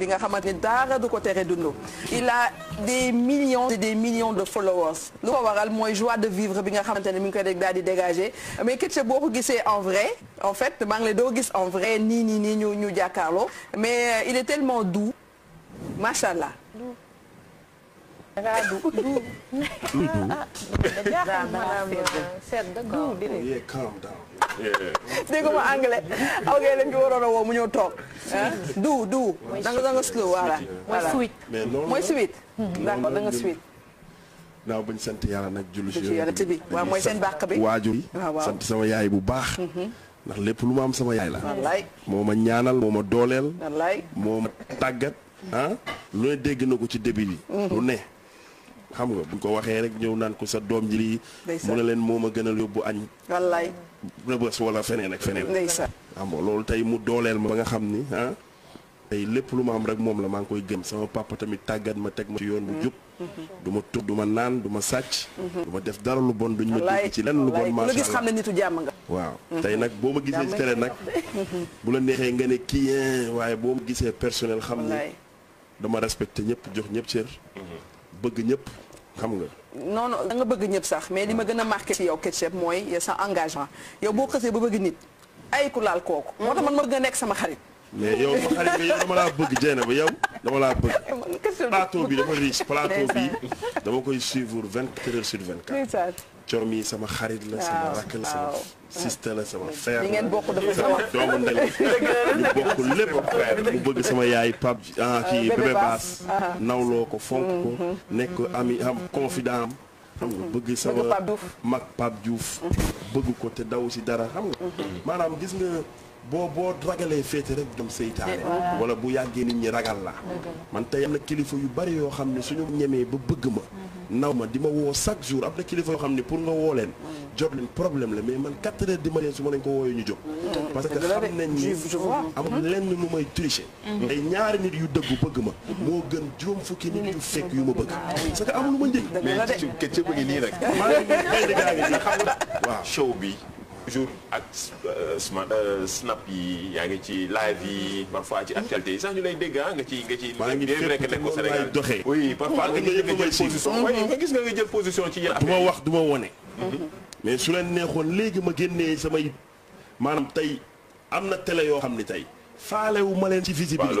il a des millions et des millions de followers Nous avons moins de joie de vivre mais en vrai en fait ni ni mais euh, il est tellement doux ni raadu duub. ah dégg ma anglais aw ngeen leen fi waroon a woo mu ñëw toog. Ah, du du mooy suite hmm. d'accord da nga sant yàlla nag jullu si yàlla bi waaw mooy seen bàq bi waajur yi ah, sant sama yaay bu baax. Mhm. ndax lépp lu ma am sama yaay la. moo ma ñaanal moo ma dooleel. moo ma tàggat. ah lu ne dégg na ko ci début bi. Mhm. lu ne. xam nga buñ ko waxee rek ñëw naan ko sa doom ji lii mu ne leen moom a gënal yóbbu añ wallaay rëbës wala feneen ak feneen xam nga loolu tey mu dooleel ma ba nga xam ni ah tey lépp lu ma am rek moom la maa ngi koy gëm sama papa tamit tàggat ma teg ma ci yoon bu mm-hmm. jub mm-hmm. du ma tub ma naan du sàcc mm-hmm. ma def dara lu bon duñ ma ci lenn lu bon ma gis xam ne nitu jàmm nga waaw tey nag boo ma gisee ci nag bu la neexee nga ne kii waaye boo ma gisee personnel xam ni dama respecté ñëpp jox ñëpp cër bëgg ñëpp xam nga. non non da bëgg ñëpp sax mais li ma gën a marqué si yow Ketchup mooy sa engagement yow boo xasee ba bëgg nit ay ku laal kooku. moo tax man ma gën a nekk sama xarit. mais yow dama laa bëgg ba yow dama laa bëgg. plateau bi dafa riche plateau bi dama koy suivre vingt quatre heures sur vingt quatre. Cormi sama xarit la sama rakk la sama sista la sama frère la sama doomu ndey ñu bokk lépp frère mu bëgg sama yaay pap ah kii euh, bébé baas ah, ah. ko fonk ko mm-hmm. confident am xam nga bëgg sama mag Pape Diouf mm-hmm. bëgg ko te daw si dara xam nga mm-hmm. maanaam gis nga boo boo ragalee féete rek dem seytaane wala bu yàggee nit ñi ragal la man tey am na kilifa yu bari yoo xam ne suñu ñemee ba bëgg ma mhm. naw ma di ma woo chaque jour am na kilifa yoo xam ne pour nga woo leen mhm. jot leen problème la mais man quatre heures du ma leen ko wooyee ñu jóg mhm. parce que xam nañ ni am lenn lu may tricher ay ñaari nit yu dëggu bëgg ma moo gën juróom fukki nit yu fekk yu ma bëgg ah parce que amul lu ma njëg mais ci bëgg nii rek maa ngi nii gaynde gaa ngi nii xam nga waaw show bi jour ak euh, euh, snap yi yaa ngi ci live yi parfois ci actualité yi sax ñu lay dégg ah, nga ci nga ci. maa ngi fépp noonu laay doxee oui parfois nga jël nga jël position oui nga gis nga wax du ma wone. Mhm. mais su leen neexoon léegi ma génnee samay maanaam tey am na tele yoo xam ni tey faalewu ma leen ci visibilité.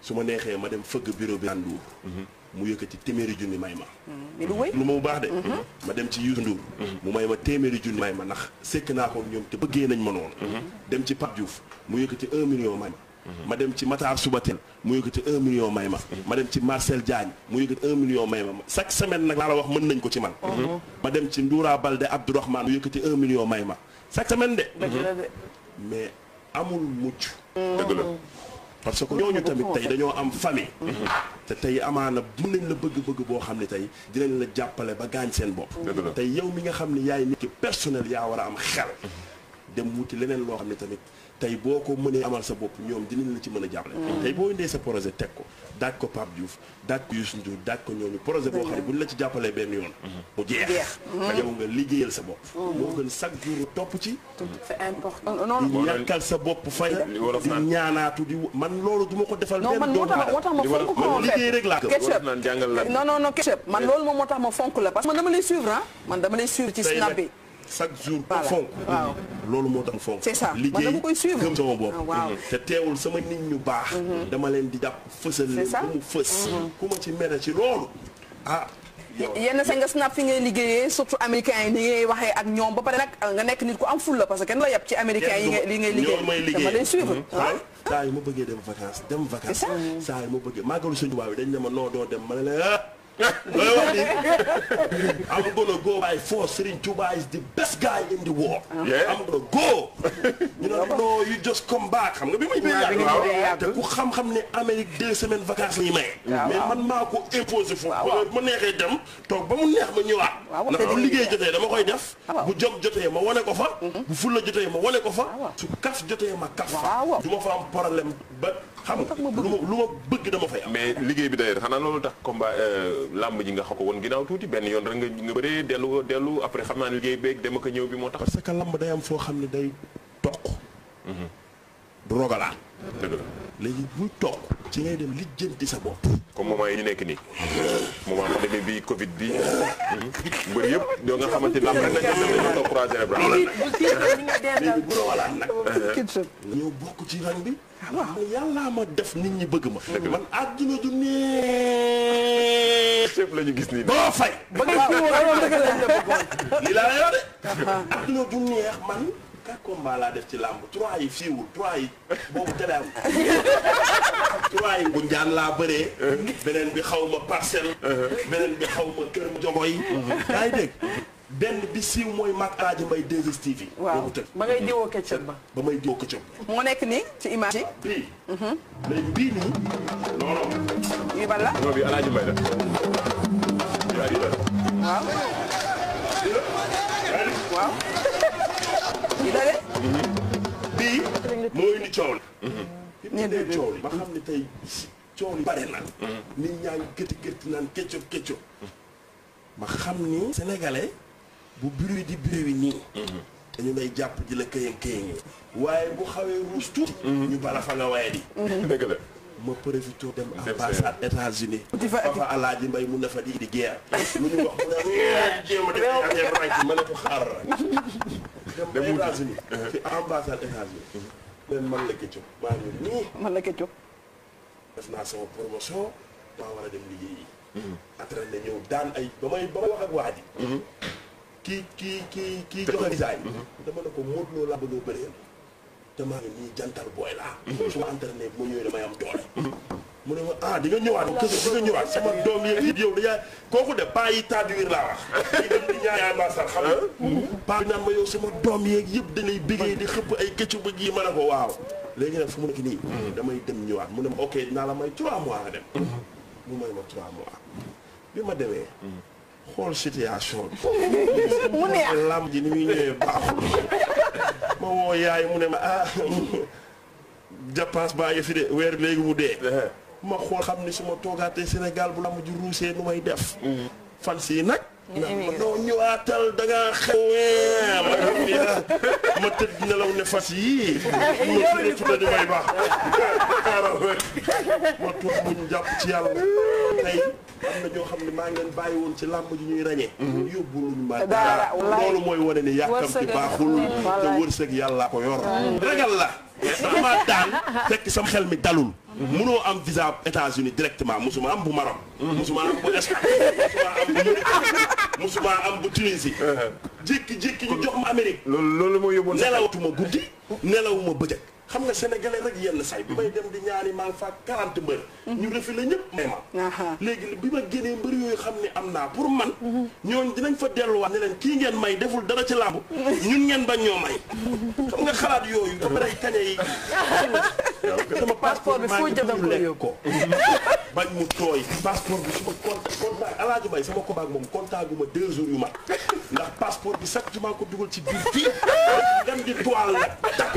su ma neexee ma dem fëgg bureau bi naan Ndour mhm. mu yëkkati téeméeri junni may ma mm-hmm. lu ma bu baax de mm-hmm. ma dem ci Youssou Ndour mm-hmm. mu may ma téeméeri junni ma ndax sekk naa ko ñoom te bëggee nañ ma noonu dem ci Pape Diouf mu yëkkati un million ma ma dem ci suba teel mu yëkkati un million may ma ma dem ci Marcel Diagne mu yëkkati may ma chaque semaine nag laa la wax mën nañ ko ci man ma dem ci Ndoura Balde Abdourahmane mu yëkkati un million may ma chaque semaine de mais amul mucc parce que ñooñu tamit tey dañoo am famille. te tey amaana mun nañ la bëgg-bëgg boo xam ne tey dinañ la jàppale ba gaañ seen bopp. tey yow mi nga xam ne yaay nit ki personnel yaa war a am xel. dem wuti leneen loo xam ne tamit. tay ko amal sa bop ñom dinañ la ci mëna jappalé mm. tay bo sa projet ko ko Diouf projet mm. buñ la ci yoon mm. nga sa gën jour ci c'est important non non sa non fay di non di man loolu non ko non non non man non non ma la parce chaque jour fonk loolu moo tax fonk liggéey gëm sama bopp ah, te teewul sama nit ñu baax mm-hmm. dama leen di jàpp fësal leen ku mu fës mm-hmm. ku ma ci mere ci loolu ah, yenn sa nga snap fi ngay liggéeyee surtout américains yi ngay waxee ak ñoom ba pare nag nga nekk nit ku am ful la parce que kenn la yab ci américains yi li ngay liggéey dama lay suivre mm-hmm. ah. saa yi ma bëggee dem vacances dem vacances saa yi ma bëggee màggalu suñu baaw bi dañ ne ma dem ma I'm gonna go by force. Sirin Tuba is the best guy in the world. Yeah. I'm gonna go. you know, no, you just come back. I'm gonna be my baby. ku xam-xam ne Amérique deux semaines vacances lañu may. mais man maa ko imposé foofu. waaw ma neexee dem toog ba mu neex ma ñëwaat. waaw ndax bu liggéey jotee dama koy def. bu jog jotee ma wane ko fa. Mhm. bu fulla jotee ma wane ko fa. su kaf jotee ma kaf fa. du ma fa am problème ba xam nga lu ma lu ma bëgg dama fay am. mais liggéey bi d'ailleurs xanaa loolu tax combat. Euh, lamb ji nga xako won ginaaw ginnaaw tuuti benn yoon rek nga nga bëree delu dellu après xamna naa ne liggéey dem ak ñew bi moo tax. parce que lamb day am fo xamni day tok hmm du rogala deug la legi bu tok ci ngay dem lijeenti sa bop comme moment yi nekk ni moment pandémie bi Covid bi mhm. mbër yëpp do nga xamante lamb rek nga dem dañoo toog croiser les bras. léegi bu rogalaan nag. Mhm. ñëw bokk ci rang bi. Ah, waaw yàllaa ma def nit ñi bëgg ma. man aduna du neex la ñu gis nii. doo fay. ba nga fi woon loolu dëgg la lii laa lay man. quatre def ci làmb trois yi fiiwul trois yi boobu télé am trois yi bu njaan laa bëree beneen bi xaw ma parcelle uh-huh. beneen bi xaw ma kër jogo yi uh-huh. yaa dégg benn bi siiw mooy makkaaji mbay 2STV yi boobu tëg ba ngay diwoo këccëg ba ba may diwoo këccëg moo nekk nii ci image bii mhm. léegi bii nii bii ban la. non bii Alaaji de. bii moo indi coow la. ñeent bi coow la ba xam ne tey coow li bare na. nit ñaa ngi gëti naan kecco kecco. ma xam ni. sénégalais bu bruit di bruit nii. dañu lay jàpp di la këyam këyam yi. waaye bu xawee ruus tuut. Mm-hmm. ñu bala fa nga waye di. Mm-hmm. dëgg ma profité dem ambassade États-Unis fa alaaji mbay mun na fa di di guerre lu ñu wax mu ne ah, jéema def affaire right ma la ko xaaral rek dem états uh-huh. uh-huh. man la Ketchup maa ngi nii man la Ketchup def naa sama promotion maa war a dem liggéey yi uh-huh. après na ñëw daan ay ba may ba may wax ak waa ji kii kii kii kii joxe design dama ne ko Modou Lo laa bëggoo bëreel te maa ngi nii jantal booy laa. su mhm. ma entraîné bu ñëwee damay am doole. mu ne ma ah di nga ñëwaat kese di nga ñëwaat sama doom yeeg yow dañuy de paa yi traduire laa wax. di dem di ñaari ambassade ah, mhm. sama doom yeeg yëpp da lay di xëpp ay këccu ba gii ma ne ko waaw. léegi nag fu mu nekk nii. Mhm. damay dem ñëwaat mu ne ma ok dinaa la may 3 mois nga dem. mu may ma 3 mois bi ma demee. xool situation bi. mu ji ni ñëwee baaxul. ma woo yaay mu ne ma ah jàppaas baa fi de weer léegi mu dee ma xool xam ni su ma toogaatee Sénégal bu lamb ji ruusee nu may def mm-hmm. fan sii nag ma noo ñëwaatal da nga oh, ah, ma tëdd nelaw ne fas yii ma tuuti ñu jàpp ci yàlla tey am na ñoo maa ngi leen bàyyi woon ci làmb ji ñuy ràññee. Mhm. yóbbu wuñu ma dara loolu mooy wane ni yàkkamti baaxul te wërsëg yàlla ko yor. ragal la dama daan fekk sama xel mi dalul. mënoo mhm. am visa États-Unis directement musuma am bu Maroc. Mhm. musuma am bu Espagne musuma am bu Mali musuma am uh-huh. jékki-jékki ñu jox ma Amérique. loolu loolu moo yóbbu nelawatuma guddi nelawuma bëccëg. xam nga sénégalais rek yenn say bi may dem di ñaani maa ngi fa 40 mbër mm-hmm. ñu refi la ñëpp may ma léegi bi ma génnee mbër yooyu xam ne am naa pour man mm-hmm. ñooñ dinañ fa delluwaat ne leen kii ngeen may deful dara ci làmb mm-hmm. ñun ngeen bañ ñoo may xam nga xalaat yooyu ba pare kañe yi sama passeport bi foo jëm ko lekk ko bañ mu tooy passeport bi su ma compte compte naa alaaju bay sama kobaak moom comptage bu ma deux jours yu mat ndax passeport bi chaque jour maa ko dugal ci biir fii gan di toile la takk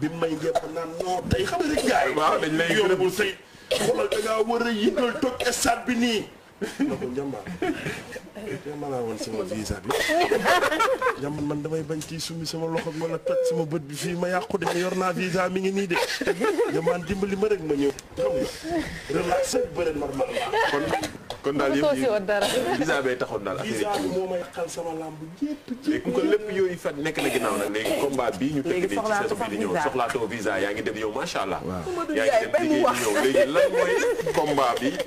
bi may njëkk naan non tey xam nga rek gars yi. waaw dañ lay yóbbul tey xoolal da ngaa war a yëngal bi nii. na ko njàmbaar te ma laa woon sama visa bi man damay bañ ci summi sama loxo bi wala toj sama bët bi fii ma yàqu de ma yor naa visa mi ngi nii de njàmbaar dimbali ma rek ma ñëw xam nga relax bëre normal kon. kon daal yëpp yi visa bay taxoon daal affaire yi ci moo may xal sama lamb yëpp léegi ku na ginnaaw nag léegi combat bii ñu tëgg nii ci saison bi di ñëw ngi dem yow macha allah yaa ngi dem liggéey di ñëw léegi lan bi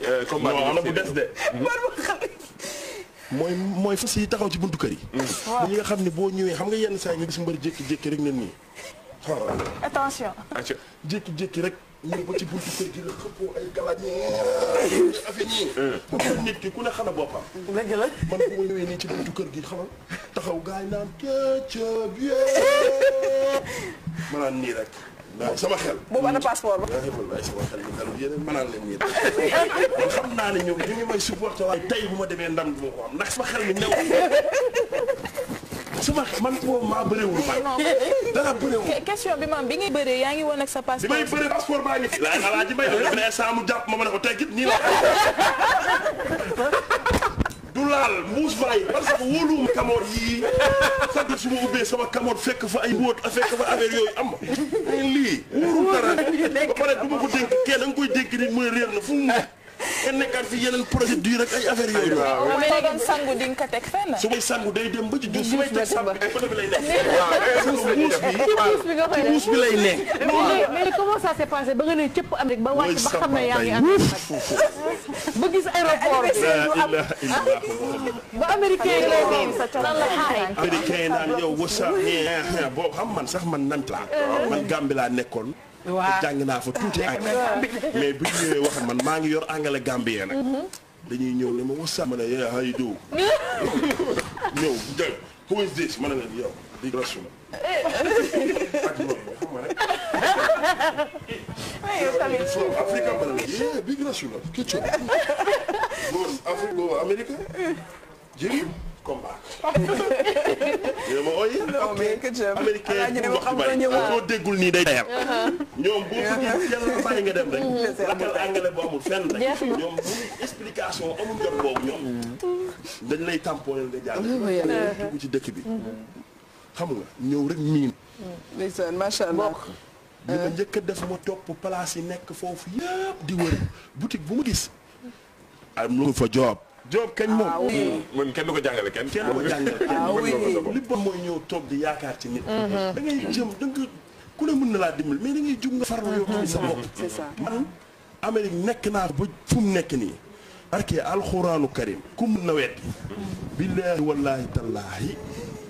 euh, combat de hmm? mooy mooy fas yi taxaw ci buntu kër yi hmm. ñi nga xam ne boo ñëwee xam nga yenn saa yi nga jékki-jékki rek ne nii attention jékki-jékki rek ñëw ba ci buntu kër gi nga xëppoo ay galaaj ñi affaire ñii ku ne nit ki ku ne xana boppam dëgg la man bu ma ñëwee nii ci buntu kër gi xamal taxaw gaay naan kecca bi ma naan nii rek sama xel boobu ana passeport ba wallaay sama xel bu dalul yéen ma naan leen nii rek xam naa ne ñoom ñu ngi may supporté waaye tey bu ma demee ndam bi ma ko am ndax sama xel mi new suma man boobu maa bëriwul man dara bëriwul. question bi maam ngi woon ak sa passeport. bi may bëree passeport baa ngi fi. nii la. du laal mbuus baa parce que wóoluwuma kamoot yii su ma ubbee sama kamoot fekk fa ay mbóot fekk fa affaire ba pare du ma ko dénk kenn da nga koy dénk nit muy réer na fu mu nga nekkaat fi yeneen procédure ak ay affaire yooyu. waaw waaw mais sangu di nga ko teg fenn. sangu day dem ba ci jur su may teg sangu bi côté bi lay nekk. waaw bi nga koy comment ça s'est passé ba nga ne cëpp am rek ba wàcc ba xam ba gis aéroport ba américain yi lay miim sa coono. la xaaree américain yi boo xam man sax man nant laa. Euh. man Gambie laa nekkoon. waaw jàng naa fa tuuti anglais ah, mais bu ñu ñëwee wax man maa ngi yor anglais gambien nag. Mm-hmm. dañuy ñëw ne ma wasa ma ne yeah do ñëw jël who is this ma ne leen yow di rasu la africa ma ne la big rasu la kécco loolu afrique boobu amérique ne ma ooyee. non mais que jëm américain ah, bu wax bari soo déggul nii day dayal. Uh-huh. ñoom boo nga dem rek. lakkal anglais bu amul fenn rek. ñoom explication amul jot boobu ñoom. dañ lay tamponel nga jàll. Uh-huh. dugg ci dëkk bi. Uh-huh. xam nga ñëw rek miin. ndeysaan macha allah. li ma euh. njëkk a def ma topp place yi nekk foofu yëpp di wër boutique bu ma gis. am lu fa job Diop kañ moom. Ah man kenn du ko jàngale kenn. Ah kenn du ko jàngale kenn ah li bon mooy ñëw toog di yaakaar ci nit. Mhm. da ngay jëm da nga ku ne mën na laa dimbali mais da ngay jug nga farlu yow tamit mhm. sa bopp. c'est ça man Amérique nekk naa ba fu mu nekk nii. barke alxuraanu karim ku mun na weddi. Mhm. billaahi wallaahi tallaahi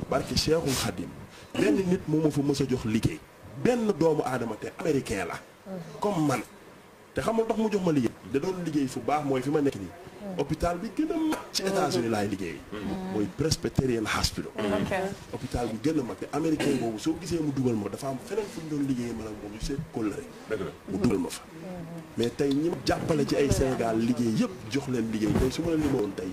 barke Cheikhul Khadim. benn nit moo ma fa mës a jox liggéey. benn doomu aadama te américain la. comme man. te xam nga tax mu jox ma liggéey. da doon liggéey fu baax mooy fi ma nekk nii. hôpital bi gën a mag ci États-Unis laay liggéey mooy Presbyterian Hospital hôpital bi gën a mag te américain boobu soo gisee mu dugal ma dafa am feneen fu ñu doon liggéey man moom yu see ma fa mais tey ñi jàppale ci ay Sénégal liggéey yëpp jox leen liggéey tey su ma leen limoon tey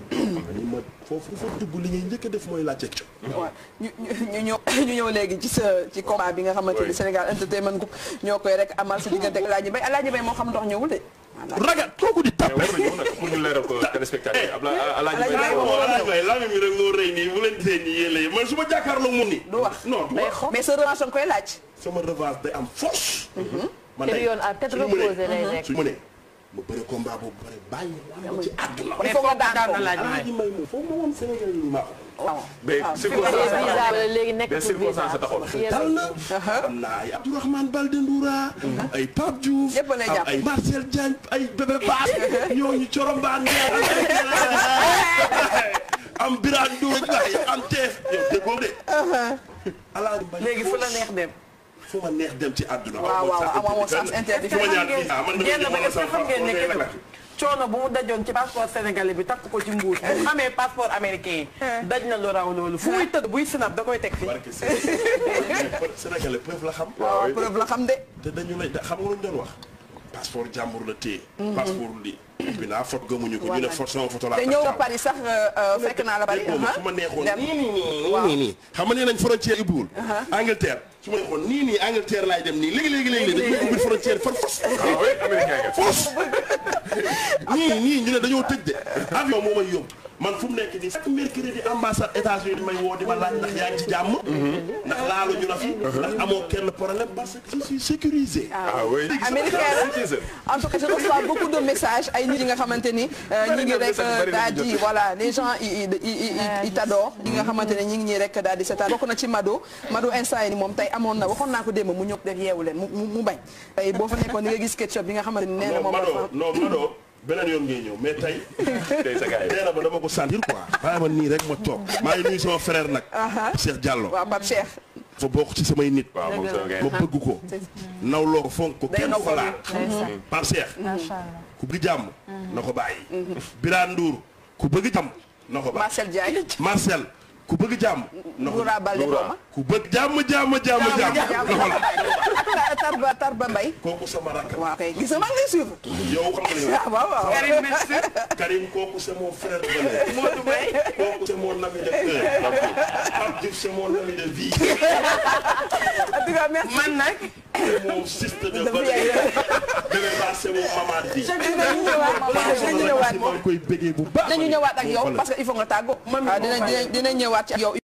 ñi ma foofu fa dugg liggéey njëkk def mooy laaj cek waaw ñu ñu ñëw ñu ñëw léegi ci sa ci bi nga xamante ni Sénégal Entertainment Group ñoo koy rek amal sa moo xam ndox ñëwul de ragal kooku di tapé. pour ñu leeral ko téléspectateur eh, Alaaji Mbay laa mi rek loo rëy nii bu leen gisee nii yéen la man su ma jàkkaarloo mu ni du wax non du wax mais sa koy laaj sama revanche day am force mhm. man day yoon à tête reposée lay mhm. nekk ma bëre combat boobu bëre bàyyi. amul ci àdduna. foofu daan na laaj may foofu ma woon Sénégal yi ma ko. waaw waaw su ko léegi nekk mais circonstance taxoon. dal na uh-huh. am naa ay Abdourahmane Balde mm-hmm. ay Pape Diouf. ñëpp lay jàpp Marcel Diagne ay Bébé Baas ñooñu Corombaan am Birane Ndour am teef yow déggoo de. Uh-huh. léegi fu la neex dem. fu ma neex dem ci àdduna. waaw waaw amoo sens interdiction ah, xam ngeen coono bu mu dajoon ci passeport sénégalais bi takk ko ci mbuus bu amee passeport américain yi daj na lu raw loolu fu muy tëdd buy sinap da koy teg fi sénégalais preuve la xam waaw de te dañu lay xam nga lu wax passeport jàmbur la téye. passeport li bi naa foto gëmuñu ko ñu ne force sama foto la. te ñëw ba Paris sax fekk naa la bari. su ma neexoon nii nii xam nga nee nañ frontière ubbiwul. Angleterre su ma neexoon nii nii Angleterre laay dem nii léegi léegi léegi dañuy ubbi frontière ñu ne dañoo tëj de avion moo may yóbbu. man fum nek ni chaque mercredi ambassade États-Unis may wo dima ma laaj ndax yaa ci jàmm. Mhm. ndax laalu ñu la fi. Mhm. ndax amo kenn problème parce que je suis sécurisé. ah oui américain la en tout cas je reçois beaucoup de messages ay nit yi nga xamanteni euh, ñi ngi rek euh, daldi voilà les gens ils ah, t'adorent ñi nga xamanteni ñi ngi rek daldi di bokku na ci Mado Mado instant mom tay amon na waxon na ko dem mu ñëw def yewulen mu mu bañ tay bo fa nekkoon ni nga gis ketchup bi nga xamanteni ni mom Mado non Mado beneen yoon ngay ñëw mais tey tey sa gars yi dama ko sentir quoi bàyyi ma nii rek ma toog maa ngi nuyu sama frère nag Cheikh Diallo waaw Pape Cheikh fa bokk ci samay nit ma bëgg ko nawloo ko fonk ko kenn ko laa mm-hmm. Pape Cheikh ku bëgg jàmm mm-hmm. na ko bàyyi mm-hmm. Birane ku bëgg jàmm na ko bàyyi Marcel ku bëgg jàmm. Noura Balde Noura ku bëgg jàmm jàmm jàmm jàmm. Tarba Tarba Mbaye. kooku sama rakk. waaw kay gis nga maa ngi lay suivre. yow xam nga yow. Ah, waaw waaw Karim merci. Karim kooku c'est mon frère Bale. Modou Mbaye. kooku c'est mon ami de cœur. Pape Diouf c'est mon ami de vie. en tout cas mon système de bëri. koy bëggee bu baax. dinañu ñëwaat ak yow parce que il faut nga tàggoo. Ah, dina dina ñëwaat ci yow.